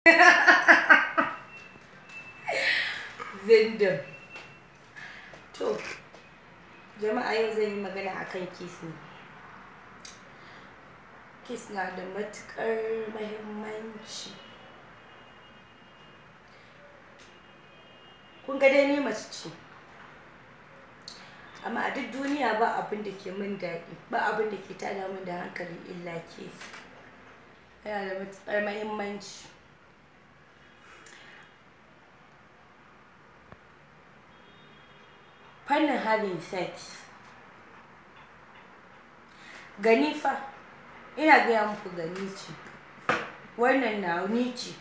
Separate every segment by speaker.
Speaker 1: Zindin. To, jama'a yau zan yi magana akan kis ne. Kis na da matuƙar mahimmanci. Kun ga dai ni mace ce. Amma a duk duniya ba abin da ke min daɗi, ba abin da ke tada min da hankali illa kis. Yana da matuƙar mahimmanci. fannin having sex gani fa ina gaya muku gani ce wannan na ni ce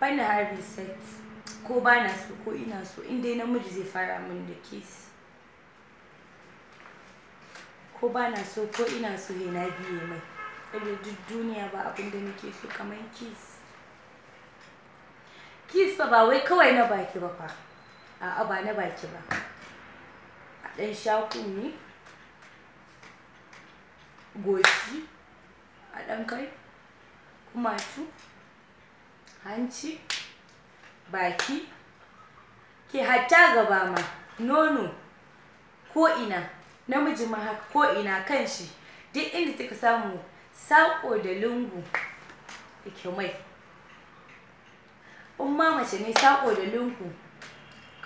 Speaker 1: fannin having sex ko ba na so ko ina so inda namiji zai fara min da kesi ko ba na so ko ina so ya na biye mai saboda duk duniya ba abinda da nake so kamar kis kis ba wai kawai na baki ba fa a'a ba na baki ba a ɗan shaku ne, goshi a ɗan kai kumatu hanci baki ke hatta gaba ma nono ko ina namiji ma haka ko ina kan shi duk inda kika samu saƙo da lungu kike mai in mace ne saƙo da lungu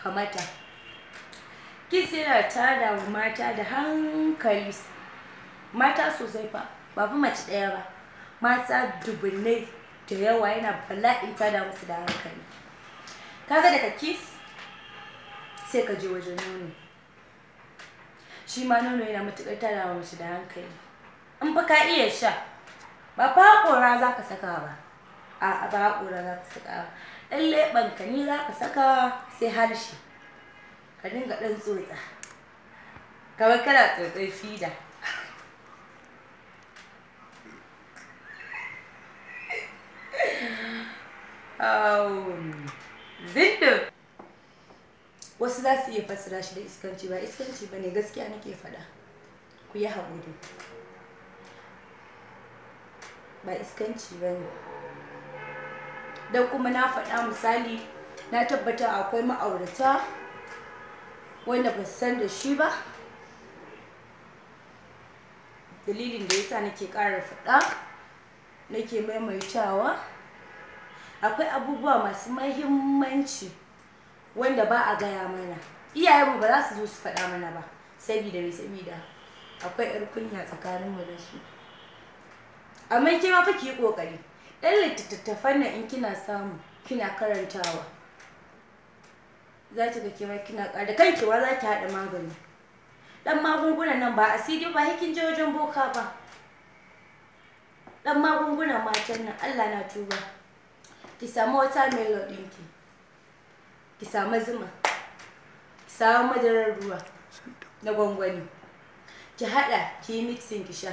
Speaker 1: kamata Kis yana tada wa mata da hankali mata sosai fa ba fi mace ɗaya ba mata dubunnai da yawa yana bala'in tada musu da hankali kaga daga kiss sai ka je wajen nono shi ma nono yana matuƙar tada wa mace da hankali in fa ka iya sha ba fa kora za ka saka ba a ba haƙora za ka saka ɗan leɓen ka ni za ka saka sai harshe ka dinga ɗan tsotsa kamar kana tsotsar fida Zindu. Wasu za su iya fassara shi da iskanci ba iskanci ba ne gaskiya nake faɗa. Ku yi haƙuri. Ba iskanci ba ne. don kuma na faɗa misali na tabbata akwai ma'aurata wanda ba su san da shi ba dalilin da yasa nake ƙara faɗa nake maimaitawa akwai abubuwa masu mahimmanci wanda ba a gaya mana iyayenmu ba za su zo su faɗa mana ba sabida mai sabida akwai 'yar kunya tsakaninmu da su amma ke ma fa ki yi ƙoƙari ɗan littattafan nan in kina samu kina karantawa za ki ga kewa kina ƙara kan kewa za ki haɗa magani ɗan magungunan nan ba asiri ba hikin je wajen boka ba ɗan magungunan matan nan allah na tuba ki samu wata melo ɗinki ki samu zuma ki samu madarar ruwa na gwangwani ki haɗa ki yi ki sha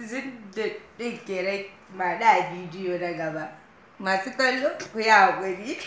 Speaker 1: zindin ɗin ke rai ma da bidiyo na gaba masu kallo ku yi haƙuri